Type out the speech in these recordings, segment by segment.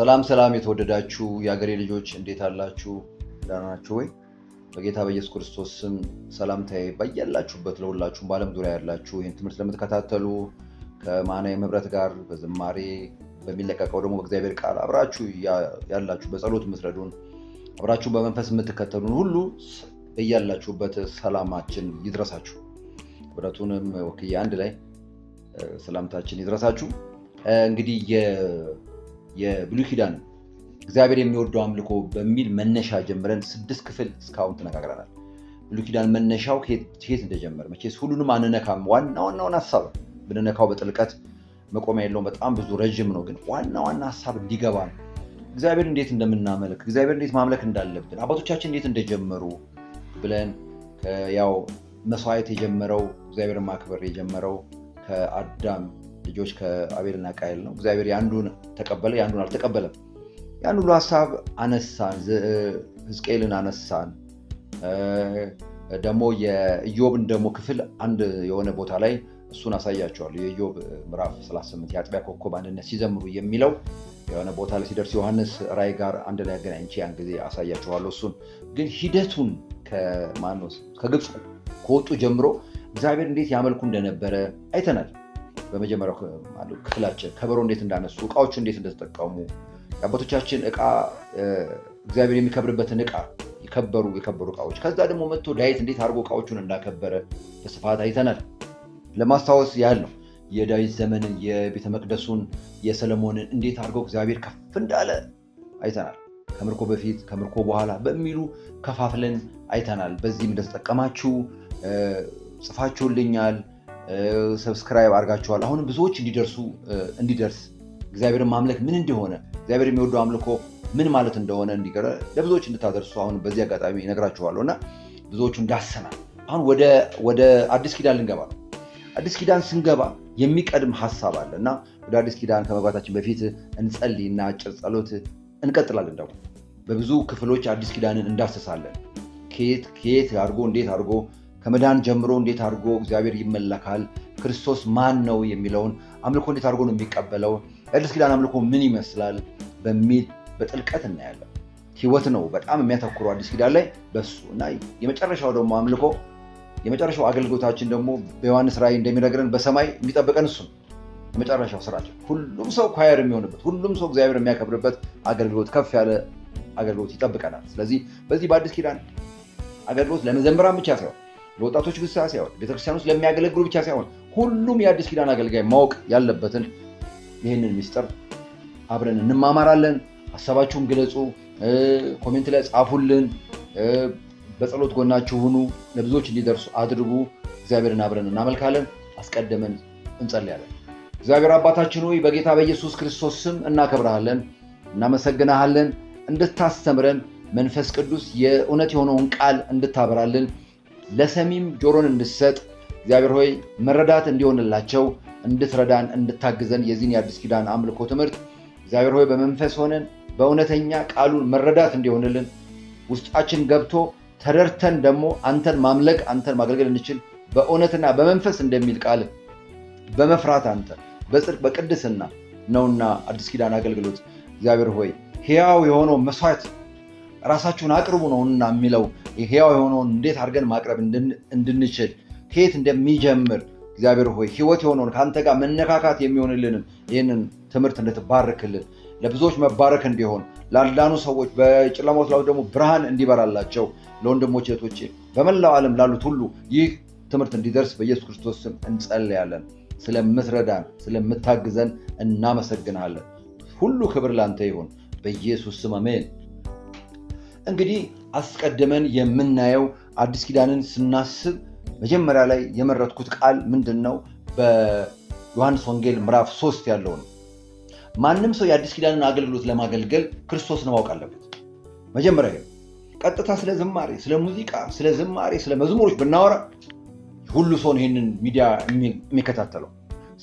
ሰላም ሰላም፣ የተወደዳችሁ የአገሬ ልጆች እንዴት አላችሁ? ዳናችሁ ወይ? በጌታ በኢየሱስ ክርስቶስ ስም ሰላምታ ባያላችሁበት ለሁላችሁ በአለም ዙሪያ ያላችሁ ይህን ትምህርት ለምትከታተሉ ከማና ህብረት ጋር በዝማሬ በሚለቀቀው ደግሞ በእግዚአብሔር ቃል አብራችሁ ያላችሁ በጸሎት ምስረዱን አብራችሁ በመንፈስ የምትከተሉን ሁሉ እያላችሁበት ሰላማችን ይድረሳችሁ። ህብረቱንም ወክዬ አንድ ላይ ሰላምታችን ይድረሳችሁ። እንግዲህ የብሉይ ኪዳን እግዚአብሔር የሚወደው አምልኮ በሚል መነሻ ጀምረን ስድስት ክፍል እስካሁን ተነጋግረናል። ብሉይ ኪዳን መነሻው ሴት እንደጀመር መቼስ ሁሉንም አንነካም። ዋና ዋናውን ሀሳብ ብንነካው በጥልቀት መቆሚያ የለውም። በጣም ብዙ ረዥም ነው፣ ግን ዋና ዋና ሀሳብ እንዲገባ ነው። እግዚአብሔር እንዴት እንደምናመልክ፣ እግዚአብሔር እንዴት ማምለክ እንዳለብን፣ አባቶቻችን እንዴት እንደጀመሩ ብለን ያው መስዋዕት የጀመረው እግዚአብሔር ማክበር የጀመረው ከአዳም ልጆች ከአቤልና ቃየል ነው። እግዚአብሔር የአንዱን ተቀበለ፣ የአንዱን አልተቀበለም። ያን ሁሉ ሀሳብ አነሳን፣ ህዝቅኤልን አነሳን። ደግሞ የኢዮብን ደግሞ ክፍል አንድ የሆነ ቦታ ላይ እሱን አሳያቸዋል። የኢዮብ ምራፍ 38 የአጥቢያ ኮኮብ አንድነት ሲዘምሩ የሚለው የሆነ ቦታ ላይ ሲደርስ ዮሐንስ ራይ ጋር አንድ ላይ አገናኝቼ ያን ጊዜ አሳያቸዋለሁ። እሱን ግን ሂደቱን ከማኖስ ከግብፅ ከወጡ ጀምሮ እግዚአብሔር እንዴት ያመልኩ እንደነበረ አይተናል። በመጀመሪያው ክፍላችን ከበሮ እንዴት እንዳነሱ እቃዎቹ እንዴት እንደተጠቀሙ አባቶቻችን እቃ እግዚአብሔር የሚከብርበትን እቃ የከበሩ የከበሩ እቃዎች ከዛ ደግሞ መጥቶ ዳዊት እንዴት አድርጎ እቃዎቹን እንዳከበረ በስፋት አይተናል። ለማስታወስ ያህል ነው የዳዊት ዘመንን የቤተ መቅደሱን የሰለሞንን እንዴት አድርገው እግዚአብሔር ከፍ እንዳለ አይተናል። ከምርኮ በፊት ከምርኮ በኋላ በሚሉ ከፋፍለን አይተናል። በዚህም እንደተጠቀማችሁ ጽፋችሁልኛል። ሰብስክራይብ አድርጋችኋል። አሁንም ብዙዎች እንዲደርሱ እንዲደርስ እግዚአብሔርን ማምለክ ምን እንደሆነ እግዚአብሔር የሚወደው አምልኮ ምን ማለት እንደሆነ እንዲቀረ ለብዙዎች እንድታደርሱ አሁን በዚህ አጋጣሚ እነግራችኋለሁ እና ብዙዎቹ እንዳሰና አሁን ወደ አዲስ ኪዳን ልንገባ ነው። አዲስ ኪዳን ስንገባ የሚቀድም ሀሳብ አለ እና ወደ አዲስ ኪዳን ከመግባታችን በፊት እንጸል እና አጭር ጸሎት እንቀጥላለን። ደግሞ በብዙ ክፍሎች አዲስ ኪዳንን እንዳሰሳለን ከየት ከየት አድርጎ እንዴት አድርጎ ከመዳን ጀምሮ እንዴት አድርጎ እግዚአብሔር ይመለካል፣ ክርስቶስ ማን ነው የሚለውን አምልኮ እንዴት አድርጎ ነው የሚቀበለው፣ የአዲስ ኪዳን አምልኮ ምን ይመስላል በሚል በጥልቀት እናያለን። ህይወት ነው በጣም የሚያተኩሩ አዲስ ኪዳን ላይ በሱ እና የመጨረሻው ደግሞ አምልኮ የመጨረሻው አገልግሎታችን ደግሞ በዮሐንስ ራእይ እንደሚነግረን በሰማይ የሚጠብቀን እሱ ነው። የመጨረሻው ስራችን ሁሉም ሰው ኳየር የሚሆንበት ሁሉም ሰው እግዚአብሔር የሚያከብርበት አገልግሎት ከፍ ያለ አገልግሎት ይጠብቀናል። ስለዚህ በዚህ በአዲስ ኪዳን አገልግሎት ለመዘምራን ብቻ ሳይሆን ለወጣቶች ብቻ ሳይሆን ቤተክርስቲያን ውስጥ ለሚያገለግሉ ብቻ ሳይሆን ሁሉም የአዲስ ኪዳን አገልጋይ ማወቅ ያለበትን ይህንን ሚስጥር አብረን እንማማራለን። ሀሳባችሁን ግለጹ፣ ኮሜንት ላይ ጻፉልን፣ በጸሎት ጎናችሁ ሁኑ፣ ለብዙዎች እንዲደርሱ አድርጉ። እግዚአብሔርን አብረን እናመልካለን። አስቀድመን እንጸልያለን። እግዚአብሔር አባታችን ሆይ በጌታ በኢየሱስ ክርስቶስ ስም እናከብረሃለን፣ እናመሰግናሃለን። እንድታስተምረን መንፈስ ቅዱስ የእውነት የሆነውን ቃል እንድታበራልን ለሰሚም ጆሮን እንድሰጥ እግዚአብሔር ሆይ መረዳት እንዲሆንላቸው እንድትረዳን እንድታግዘን የዚህን የአዲስ ኪዳን አምልኮ ትምህርት እግዚአብሔር ሆይ በመንፈስ ሆነን በእውነተኛ ቃሉን መረዳት እንዲሆንልን ውስጣችን ገብቶ ተደርተን ደግሞ አንተን ማምለክ አንተን ማገልገል እንችል በእውነትና በመንፈስ እንደሚል ቃል በመፍራት አንተ በጽድቅ በቅድስና ነውና አዲስ ኪዳን አገልግሎት እግዚአብሔር ሆይ ሕያው የሆነው መስዋዕት ራሳችሁን አቅርቡ ነው እና የሚለው ህያው የሆነውን እንዴት አድርገን ማቅረብ እንድንችል ከየት እንደሚጀምር እግዚአብሔር ሆይ ህይወት የሆነውን ከአንተ ጋር መነካካት የሚሆንልንም ይህንን ትምህርት እንድትባርክልን ለብዙዎች መባረክ እንዲሆን ላልዳኑ ሰዎች በጨለማው ላሉ ደግሞ ብርሃን እንዲበራላቸው ለወንድሞች ቶች በመላው ዓለም ላሉት ሁሉ ይህ ትምህርት እንዲደርስ በኢየሱስ ክርስቶስ ስም እንጸለያለን። ስለምትረዳን ስለምታግዘን እናመሰግናለን። ሁሉ ክብር ላንተ ይሁን። በኢየሱስ ስም አሜን። እንግዲህ አስቀድመን የምናየው አዲስ ኪዳንን ስናስብ መጀመሪያ ላይ የመረጥኩት ቃል ምንድን ነው? በዮሐንስ ወንጌል ምዕራፍ ሶስት ያለው ነው። ማንም ሰው የአዲስ ኪዳንን አገልግሎት ለማገልገል ክርስቶስን ማወቅ አለበት። መጀመሪያ ግን ቀጥታ ስለ ዝማሬ፣ ስለ ሙዚቃ፣ ስለ ዝማሬ፣ ስለ መዝሙሮች ብናወራ ሁሉ ሰውን ይህንን ሚዲያ የሚከታተለው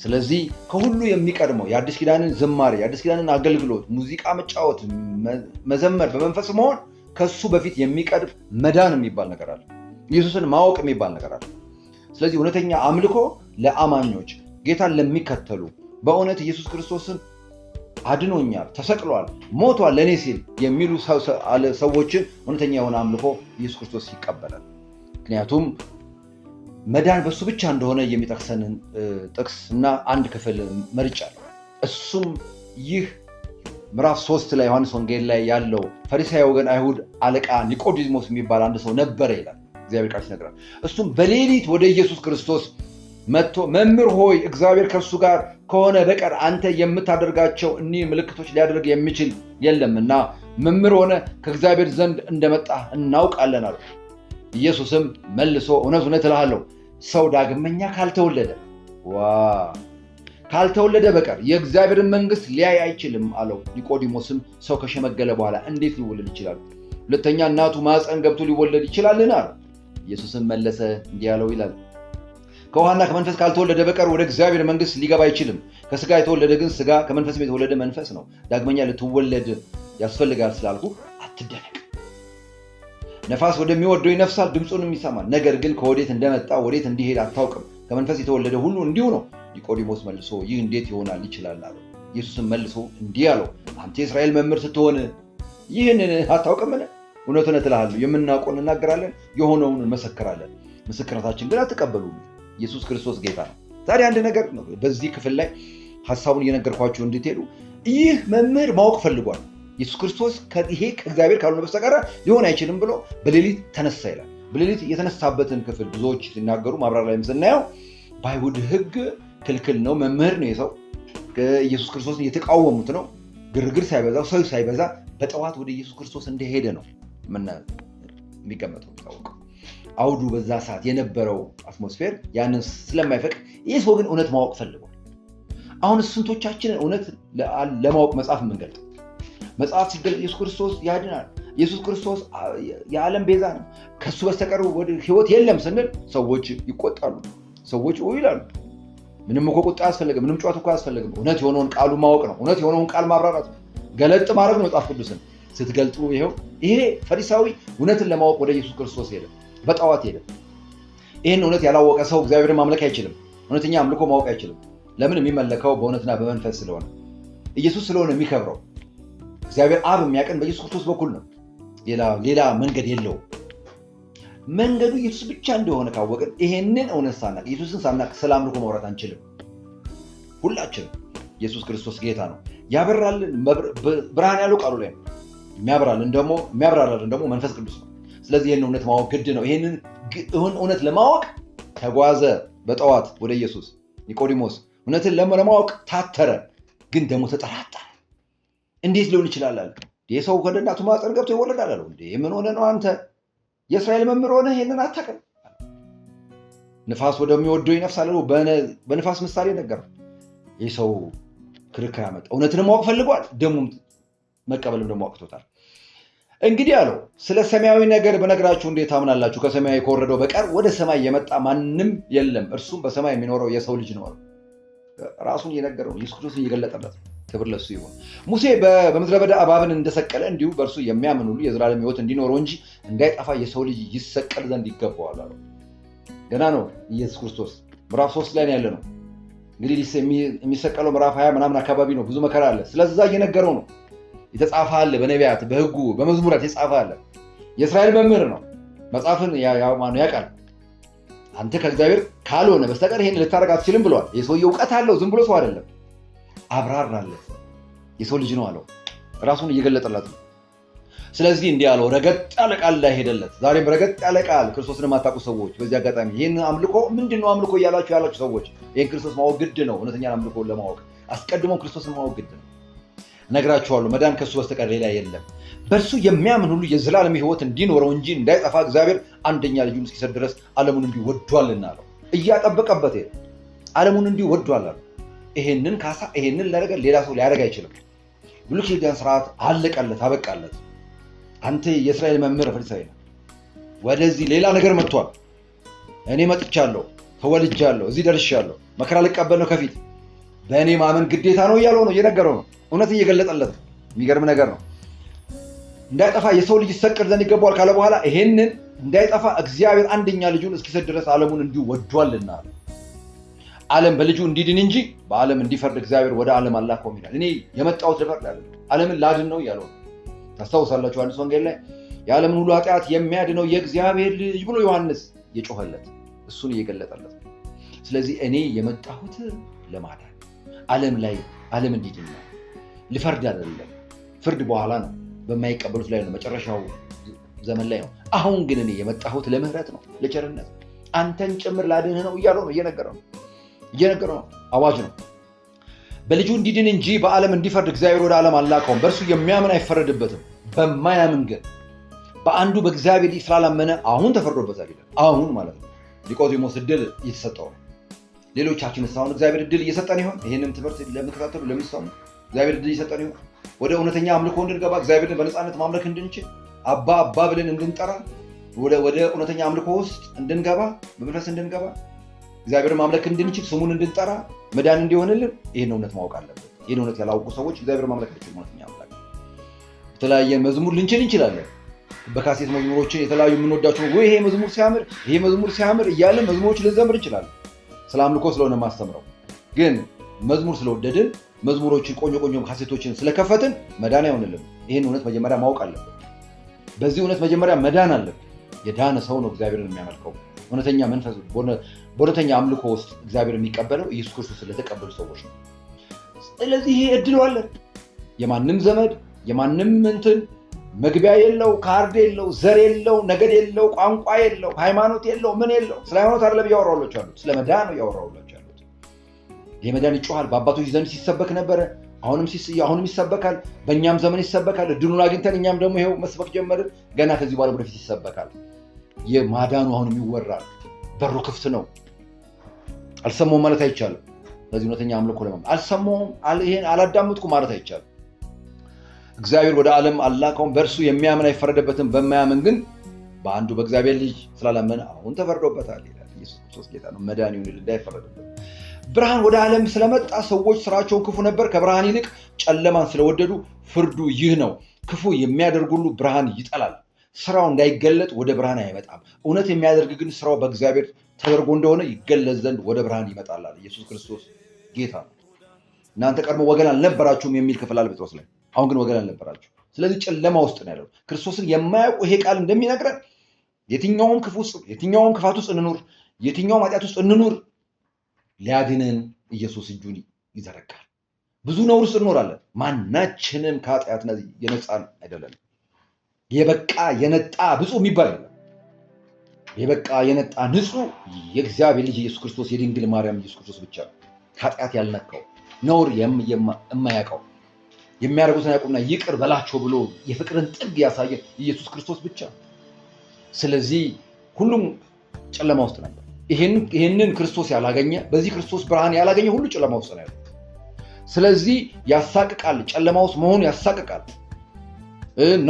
ስለዚህ ከሁሉ የሚቀድመው የአዲስ ኪዳንን ዝማሬ፣ የአዲስ ኪዳንን አገልግሎት፣ ሙዚቃ መጫወት፣ መዘመር፣ በመንፈስ መሆን ከሱ በፊት የሚቀድም መዳን የሚባል ነገር አለ። ኢየሱስን ማወቅ የሚባል ነገር አለ። ስለዚህ እውነተኛ አምልኮ ለአማኞች ጌታን ለሚከተሉ በእውነት ኢየሱስ ክርስቶስን አድኖኛል፣ ተሰቅሏል፣ ሞቷል ለእኔ ሲል የሚሉ ሰዎችን እውነተኛ የሆነ አምልኮ ኢየሱስ ክርስቶስ ይቀበላል። ምክንያቱም መዳን በእሱ ብቻ እንደሆነ የሚጠቅሰንን ጥቅስ እና አንድ ክፍል መርጫ እሱም ይህ ምዕራፍ ሶስት ላይ ዮሐንስ ወንጌል ላይ ያለው ፈሪሳዊ ወገን አይሁድ አለቃ ኒቆዲሞስ የሚባል አንድ ሰው ነበረ ይላል እግዚአብሔር ቃል ይነግራል። እሱም በሌሊት ወደ ኢየሱስ ክርስቶስ መጥቶ መምህር ሆይ እግዚአብሔር ከእርሱ ጋር ከሆነ በቀር አንተ የምታደርጋቸው እኒህ ምልክቶች ሊያደርግ የሚችል የለምና መምህር ሆነ ከእግዚአብሔር ዘንድ እንደመጣ እናውቃለን አሉ። ኢየሱስም መልሶ እውነት እውነት እልሃለሁ ሰው ዳግመኛ ካልተወለደ ዋ ካልተወለደ በቀር የእግዚአብሔርን መንግሥት ሊያይ አይችልም አለው። ኒቆዲሞስም ሰው ከሸመገለ በኋላ እንዴት ሊወለድ ይችላል? ሁለተኛ እናቱ ማፀን ገብቶ ሊወለድ ይችላልን? አለ። ኢየሱስም መለሰ እንዲህ ያለው ይላል ከውሃና ከመንፈስ ካልተወለደ በቀር ወደ እግዚአብሔር መንግስት ሊገባ አይችልም። ከስጋ የተወለደ ግን ስጋ፣ ከመንፈስም የተወለደ መንፈስ ነው። ዳግመኛ ልትወለድ ያስፈልጋል ስላልኩ አትደነቅ። ነፋስ ወደሚወደው ይነፍሳል፣ ድምፁንም ይሰማል፣ ነገር ግን ከወዴት እንደመጣ ወዴት እንዲሄድ አታውቅም። ከመንፈስ የተወለደ ሁሉ እንዲሁ ነው። ኒቆዲሞስ መልሶ ይህ እንዴት ይሆናል ይችላል አለው። ኢየሱስም መልሶ እንዲህ አለው፣ አንተ የእስራኤል መምህር ስትሆን ይህን አታውቅምን? እውነት ነት እልሃለሁ የምናውቀውን እናገራለን፣ የሆነውን እንመሰክራለን፣ ምስክርነታችን ግን አትቀበሉ ኢየሱስ ክርስቶስ ጌታ ነው። ታዲያ አንድ ነገር በዚህ ክፍል ላይ ሀሳቡን እየነገርኳቸው እንድትሄዱ ይህ መምህር ማወቅ ፈልጓል። ኢየሱስ ክርስቶስ ይሄ ከእግዚአብሔር ካልሆነ በስተቀር ሊሆን አይችልም ብሎ በሌሊት ተነሳ ይላል። በሌሊት የተነሳበትን ክፍል ብዙዎች ሲናገሩ ማብራር ላይም ስናየው በአይሁድ ህግ ክልክል ነው። መምህር ነው የሰው ኢየሱስ ክርስቶስን የተቃወሙት ነው። ግርግር ሳይበዛ ሰው ሳይበዛ በጠዋት ወደ ኢየሱስ ክርስቶስ እንደሄደ ነው የሚቀመጠው የሚታወቀው አውዱ በዛ ሰዓት የነበረው አትሞስፌር ያንን ስለማይፈቅድ ይህ ሰው ግን እውነት ማወቅ ፈልጓል። አሁን ስንቶቻችንን እውነት ለማወቅ መጽሐፍ የምንገልጥ መጽሐፍ ሲገልጥ ኢየሱስ ክርስቶስ ያድናል፣ ኢየሱስ ክርስቶስ የዓለም ቤዛ ነው፣ ከእሱ በስተቀር ህይወት የለም ስንል ሰዎች ይቆጣሉ፣ ሰዎች ይላሉ። ምንም እኮ ቁጣ አያስፈልግም። ምንም ጨዋት እኮ አያስፈልግም። እውነት የሆነውን ቃሉ ማወቅ ነው። እውነት የሆነውን ቃል ማብራራት፣ ገለጥ ማድረግ ነው። መጽሐፍ ቅዱስን ስትገልጡ ይኸው ይሄ ፈሪሳዊ እውነትን ለማወቅ ወደ ኢየሱስ ክርስቶስ ሄደ፣ በጠዋት ሄደ። ይህን እውነት ያላወቀ ሰው እግዚአብሔርን ማምለክ አይችልም። እውነተኛ አምልኮ ማወቅ አይችልም። ለምን? የሚመለከው በእውነትና በመንፈስ ስለሆነ ኢየሱስ ስለሆነ የሚከብረው እግዚአብሔር አብ የሚያቀን በኢየሱስ ክርስቶስ በኩል ነው። ሌላ መንገድ የለውም። መንገዱ ኢየሱስ ብቻ እንደሆነ ካወቅን ይሄንን እውነት ሳናቅ ኢየሱስን ሳናቅ ስለ አምልኮ ማውራት አንችልም። ሁላችንም ኢየሱስ ክርስቶስ ጌታ ነው። ያበራልን ብርሃን ያለው ቃሉ ላይ ነው። ደግሞ የሚያብራራልን ደግሞ መንፈስ ቅዱስ ነው። ስለዚህ ይህን እውነት ማወቅ ግድ ነው። ይህንን እውነት ለማወቅ ተጓዘ በጠዋት ወደ ኢየሱስ ኒቆዲሞስ እውነትን ለማወቅ ታተረ፣ ግን ደግሞ ተጠራጠረ። እንዴት ሊሆን ይችላል አለ። ሰው ከእናቱ ማጠር ገብቶ ይወለዳል አለው። ምን ሆነ ነው አንተ የእስራኤል መምህር ሆነ ይሄንን አታውቅም? ንፋስ ወደሚወደው ይነፍሳል ብሎ በንፋስ ምሳሌ ነገር ይህ ሰው ክርክር ያመጣ እውነትን ማወቅ ፈልጓል፣ ደሙም መቀበልም ደግሞ አቅቶታል። እንግዲህ አለው ስለ ሰማያዊ ነገር በነገራችሁ እንዴት አምናላችሁ? ከሰማያዊ ከወረደው በቀር ወደ ሰማይ የመጣ ማንም የለም፣ እርሱም በሰማይ የሚኖረው የሰው ልጅ ነው። ራሱን እየነገረው ኢየሱስ ክርስቶስን እየገለጠለት ነው። ክብር ለሱ ይሁን። ሙሴ በምድረ በዳ አባብን እንደሰቀለ እንዲሁ በእርሱ የሚያምን ሁሉ የዘላለም ህይወት እንዲኖረው እንጂ እንዳይጠፋ የሰው ልጅ ይሰቀል ዘንድ ይገባዋል አለው። ገና ነው ኢየሱስ ክርስቶስ ምዕራፍ ሶስት ላይ ያለ ነው። እንግዲህ የሚሰቀለው ምዕራፍ ሀያ ምናምን አካባቢ ነው። ብዙ መከራ አለ። ስለዛ እየነገረው ነው። የተጻፈ አለ በነቢያት በህጉ በመዝሙራት የጻፈ አለ። የእስራኤል መምህር ነው። መጽሐፍን ያውቃል። አንተ ከእግዚአብሔር ካልሆነ በስተቀር ይሄን ልታደርግ አትችልም ብለዋል። የሰውየ እውቀት አለው። ዝም ብሎ ሰው አይደለም። አብራራለት። የሰው ልጅ ነው አለው። ራሱን እየገለጠለት ነው። ስለዚህ እንዲህ አለው፣ ረገጥ ያለ ቃል ላይ ሄደለት። ዛሬም ረገጥ ያለ ቃል ክርስቶስን የማታውቁ ሰዎች በዚህ አጋጣሚ ይህን አምልኮ ምንድን ነው አምልኮ እያላችሁ ያላችሁ ሰዎች ይህን ክርስቶስ ማወቅ ግድ ነው። እውነተኛን አምልኮ ለማወቅ አስቀድሞ ክርስቶስን ማወቅ ግድ ነው። እነግራችኋለሁ፣ መዳን ከእሱ በስተቀር ሌላ የለም። በእርሱ የሚያምን ሁሉ የዘላለም ሕይወት እንዲኖረው እንጂ እንዳይጠፋ እግዚአብሔር አንደኛ ልጁን እስኪሰጥ ድረስ ዓለሙን እንዲሁ ወዷልና አለው። እያጠበቀበት ዓለሙን እንዲሁ ወዷል አለው። ይሄንን ካሳ ይሄንን ሊያደርግ ሌላ ሰው ሊያደርግ አይችልም። ብሉይ ኪዳን ስርዓት አለቀለት፣ አበቃለት። አንተ የእስራኤል መምህር ፈሪሳዊ ነህ። ወደዚህ ሌላ ነገር መጥቷል። እኔ መጥቻለሁ፣ ተወልጃለሁ፣ እዚህ ደርሻለሁ፣ መከራ ልቀበል ነው፣ ከፊት በእኔ ማመን ግዴታ ነው እያለው ነው፣ እየነገረው ነው፣ እውነት እየገለጠለት የሚገርም ነገር ነው። እንዳይጠፋ የሰው ልጅ ይሰቀል ዘንድ ይገባዋል ካለ በኋላ ይሄንን እንዳይጠፋ እግዚአብሔር አንደኛ ልጁን እስኪሰጥ ድረስ ዓለሙን እንዲሁ ወዷልና ዓለም በልጁ እንዲድን እንጂ በዓለም እንዲፈርድ እግዚአብሔር ወደ ዓለም አላከውም ይላል። እኔ የመጣሁት ልፈርድ አይደለም፣ ዓለምን ላድን ነው እያለ ታስታውሳላችሁ። ዮሐንስ ወንጌል ላይ የዓለምን ሁሉ ኃጢአት የሚያድነው የእግዚአብሔር ልጅ ብሎ ዮሐንስ የጮኸለት እሱን እየገለጠለት ስለዚህ እኔ የመጣሁት ለማዳን ዓለም ላይ ዓለም እንዲድን ነው፣ ልፈርድ አይደለም። ፍርድ በኋላ ነው፣ በማይቀበሉት ላይ ነው፣ መጨረሻው ዘመን ላይ ነው። አሁን ግን እኔ የመጣሁት ለምህረት ነው፣ ለቸርነት አንተን ጭምር ላድንህ ነው እያለው ነው እየነገረው ነው። ነው አዋጅ ነው። በልጁ እንዲድን እንጂ በዓለም እንዲፈርድ እግዚአብሔር ወደ ዓለም አላከውም። በእርሱ የሚያምን አይፈረድበትም። በማያምን ግን በአንዱ በእግዚአብሔር ስላላመነ አሁን ተፈርዶበታል ይላል። አሁን ማለት ነው። ኒቆዲሞስ እድል እየተሰጠው ነው። ሌሎቻችን እስካሁን እግዚአብሔር እድል እየሰጠን ይሆን? ይህንም ትምህርት ለምትከታተሉ ለሚሰሙ እግዚአብሔር እድል እየሰጠን ይሆን? ወደ እውነተኛ አምልኮ እንድንገባ እግዚአብሔርን በነፃነት ማምለክ እንድንችል አባ አባ ብለን እንድንጠራ ወደ እውነተኛ አምልኮ ውስጥ እንድንገባ በመንፈስ እንድንገባ እግዚአብሔር ማምለክ እንድንችል ስሙን እንድንጠራ መዳን እንዲሆንልን ይህን እውነት ማወቅ አለበት። ይህን እውነት ያላውቁ ሰዎች እግዚአብሔር ማምለክ ልችል ማለት የተለያየ መዝሙር ልንችል እንችላለን። በካሴት መዝሙሮችን የተለያዩ የምንወዳቸው ወይ ይሄ መዝሙር ሲያምር ይሄ መዝሙር ሲያምር እያለ መዝሙሮች ልንዘምር እንችላለን። ስለ አምልኮ ስለሆነ ማስተምረው ግን መዝሙር ስለወደድን መዝሙሮችን ቆንጆ ቆንጆ ካሴቶችን ስለከፈትን መዳን አይሆንልም። ይህን እውነት መጀመሪያ ማወቅ አለበት በዚህ እውነት መጀመሪያ መዳን አለብን። የዳነ ሰው ነው እግዚአብሔርን የሚያመልከው እውነተኛ መንፈስ በእውነተኛ አምልኮ ውስጥ እግዚአብሔር የሚቀበለው ኢየሱስ ክርስቶስ ስለተቀበሉ ሰዎች ነው። ስለዚህ ይሄ እድሉ አለ የማንም ዘመድ የማንም እንትን መግቢያ የለው፣ ካርድ የለው፣ ዘር የለው፣ ነገድ የለው፣ ቋንቋ የለው፣ ሃይማኖት የለው፣ ምን የለው። ስለ ሃይማኖት አለ እያወራሁላችሁ አሉት ስለ መዳ ነው እያወራሁላችሁ አሉት ይህ መዳን ይጮኋል በአባቶች ዘንድ ሲሰበክ ነበረ፣ አሁንም ይሰበካል፣ በእኛም ዘመን ይሰበካል። እድሉን አግኝተን እኛም ደግሞ ይው መስበክ ጀመርን። ገና ከዚህ በኋላ ወደፊት ይሰበካል። የማዳኑ አሁንም ይወራል። በሩ ክፍት ነው። አልሰማሁም ማለት አይቻልም። ስለዚህ እውነተኛ አምልኮ ለማ አልሰማሁም፣ ይሄን አላዳምጥኩ ማለት አይቻልም። እግዚአብሔር ወደ ዓለም አላቀውም። በእርሱ የሚያምን አይፈረደበትም፣ በማያምን ግን በአንዱ በእግዚአብሔር ልጅ ስላላመን አሁን ተፈርዶበታል ይላል። ኢየሱስ ክርስቶስ ጌታ ነው። መዳን እንዳይፈረድበት። ብርሃን ወደ ዓለም ስለመጣ ሰዎች ስራቸውን ክፉ ነበር፣ ከብርሃን ይልቅ ጨለማን ስለወደዱ ፍርዱ ይህ ነው። ክፉ የሚያደርግ ሁሉ ብርሃን ይጠላል። ስራው እንዳይገለጥ ወደ ብርሃን አይመጣም። እውነት የሚያደርግ ግን ስራው በእግዚአብሔር ተደርጎ እንደሆነ ይገለጽ ዘንድ ወደ ብርሃን ይመጣላል። ኢየሱስ ክርስቶስ ጌታ ነው። እናንተ ቀድሞ ወገን አልነበራችሁም የሚል ክፍል አለ ጴጥሮስ ላይ። አሁን ግን ወገን አልነበራችሁ። ስለዚህ ጨለማ ውስጥ ነው ያለው። ክርስቶስን የማያውቁ ይሄ ቃል እንደሚነግረን የትኛውም ክፉ ውስጥ፣ የትኛውም ክፋት ውስጥ እንኑር፣ የትኛውም ኃጢአት ውስጥ እንኑር፣ ሊያድንን ኢየሱስ እጁን ይዘረጋል። ብዙ ነውር ውስጥ እንኖራለን። ማናችንም ከኃጢአትና የነፃን አይደለንም። የበቃ የነጣ ብፁ የሚባል የበቃ የነጣ ንጹህ የእግዚአብሔር ልጅ ኢየሱስ ክርስቶስ የድንግል ማርያም ኢየሱስ ክርስቶስ ብቻ ነው። ኃጢአት ያልነካው ነውር የማያውቀው የሚያደርጉትን ያውቁና ይቅር በላቸው ብሎ የፍቅርን ጥግ ያሳየን ኢየሱስ ክርስቶስ ብቻ። ስለዚህ ሁሉም ጨለማ ውስጥ ነበር። ይህንን ክርስቶስ ያላገኘ በዚህ ክርስቶስ ብርሃን ያላገኘ ሁሉ ጨለማ ውስጥ ነው ስለዚህ ያሳቅቃል። ጨለማ ውስጥ መሆኑ ያሳቅቃል።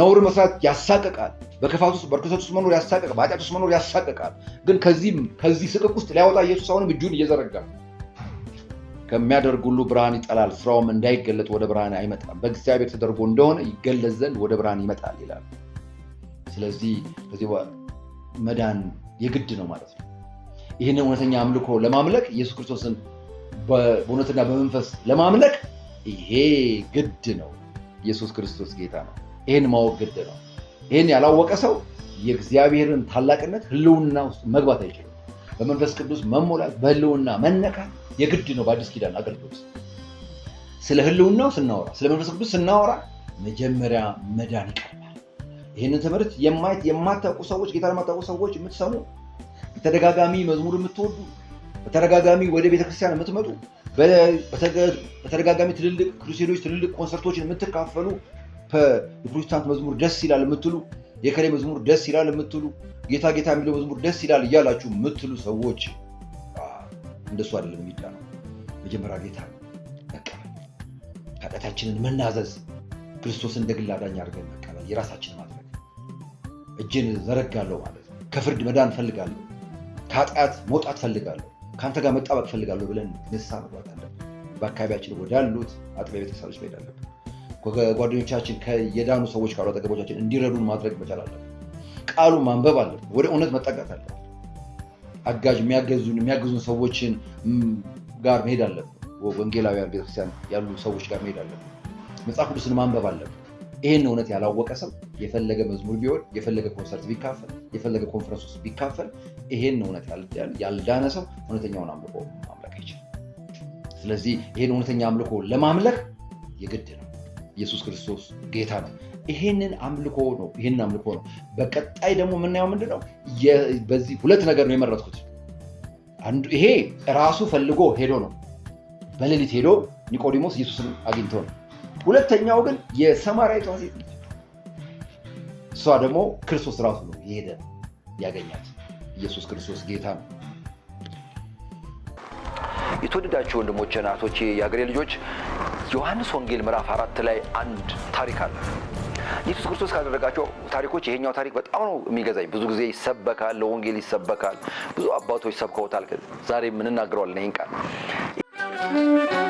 ነውር መስራት ያሳቅቃል። በክፋት ውስጥ በርኩሰት ውስጥ መኖር ያሳቀቃል፣ በአጫት ውስጥ መኖር ያሳቀቃል። ግን ከዚህም ከዚህ ስቅቅ ውስጥ ሊያወጣ ኢየሱስ አሁንም እጁን እየዘረጋ ከሚያደርግ ሁሉ ብርሃን ይጠላል፣ ስራውም እንዳይገለጥ ወደ ብርሃን አይመጣም። በእግዚአብሔር ተደርጎ እንደሆነ ይገለጽ ዘንድ ወደ ብርሃን ይመጣል ይላል። ስለዚህ ከዚህ መዳን የግድ ነው ማለት ነው። ይህንን እውነተኛ አምልኮ ለማምለክ ኢየሱስ ክርስቶስን በእውነትና በመንፈስ ለማምለክ ይሄ ግድ ነው። ኢየሱስ ክርስቶስ ጌታ ነው። ይህን ማወቅ ግድ ነው። ይህን ያላወቀ ሰው የእግዚአብሔርን ታላቅነት ህልውና ውስጥ መግባት አይችልም። በመንፈስ ቅዱስ መሞላት፣ በህልውና መነካት የግድ ነው። በአዲስ ኪዳን አገልግሎት ስለ ህልውናው ስናወራ፣ ስለ መንፈስ ቅዱስ ስናወራ መጀመሪያ መዳን ይቀርባል። ይህንን ትምህርት የማታውቁ ሰዎች፣ ጌታ ለማታውቁ ሰዎች የምትሰሙ በተደጋጋሚ መዝሙር የምትወዱ በተደጋጋሚ ወደ ቤተክርስቲያን የምትመጡ በተደጋጋሚ ትልልቅ ክሩሴዶች፣ ትልልቅ ኮንሰርቶችን የምትካፈሉ የፕሮቴስታንት መዝሙር ደስ ይላል የምትሉ የከሌ መዝሙር ደስ ይላል የምትሉ ጌታ ጌታ የሚለው መዝሙር ደስ ይላል እያላችሁ የምትሉ ሰዎች እንደሱ አይደለም የሚዳ ነው። መጀመሪያ ጌታ መቀበል፣ መናዘዝ፣ ክርስቶስን እንደ ግል አዳኝ አድርገን መቀበል፣ የራሳችን ማድረግ፣ እጅን ዘረጋለሁ ማለት ነው። ከፍርድ መዳን ፈልጋለሁ፣ ከኃጢአት መውጣት ፈልጋለሁ፣ ከአንተ ጋር መጣበቅ ፈልጋለሁ ብለን ንሳ መግባት አለብን። በአካባቢያችን ወዳሉት አጥቢያ ቤተሰቦች መሄድ አለብን። ጓደኞቻችን የዳኑ ሰዎች ካሉ አጠገቦቻችን እንዲረዱን ማድረግ መቻል አለ። ቃሉ ማንበብ አለ። ወደ እውነት መጠጋት አለ። አጋዥ የሚያገዙን ሰዎችን ጋር መሄድ አለብን። ወንጌላዊያን ቤተክርስቲያን ያሉ ሰዎች ጋር መሄድ አለብን። መጽሐፍ ቅዱስን ማንበብ አለብን። ይህን እውነት ያላወቀ ሰው የፈለገ መዝሙር ቢሆን የፈለገ ኮንሰርት ቢካፈል የፈለገ ኮንፈረንስ ውስጥ ቢካፈል ይህን እውነት ያልዳነ ሰው እውነተኛውን አምልኮ ማምለክ አይችልም። ስለዚህ ይህን እውነተኛ አምልኮ ለማምለክ የግድ ነው ኢየሱስ ክርስቶስ ጌታ ነው። ይሄንን አምልኮ ነው። ይሄንን አምልኮ ነው። በቀጣይ ደግሞ የምናየው ምንድ ነው? በዚህ ሁለት ነገር ነው የመረጥኩት። አንዱ ይሄ ራሱ ፈልጎ ሄዶ ነው። በሌሊት ሄዶ ኒቆዲሞስ ኢየሱስን አግኝቶ ነው። ሁለተኛው ግን የሰማራዊ ሴት እሷ ደግሞ ክርስቶስ ራሱ ነው የሄደ ያገኛት። ኢየሱስ ክርስቶስ ጌታ ነው። የተወደዳችሁ ወንድሞቼ፣ እናቶቼ፣ የአገሬ ልጆች ዮሐንስ ወንጌል ምዕራፍ አራት ላይ አንድ ታሪክ አለ። ኢየሱስ ክርስቶስ ካደረጋቸው ታሪኮች ይሄኛው ታሪክ በጣም ነው የሚገዛኝ። ብዙ ጊዜ ይሰበካል፣ ለወንጌል ይሰበካል። ብዙ አባቶች ሰብከውታል። ዛሬ ምንናገረዋል እናገረዋለን ይህን ቃል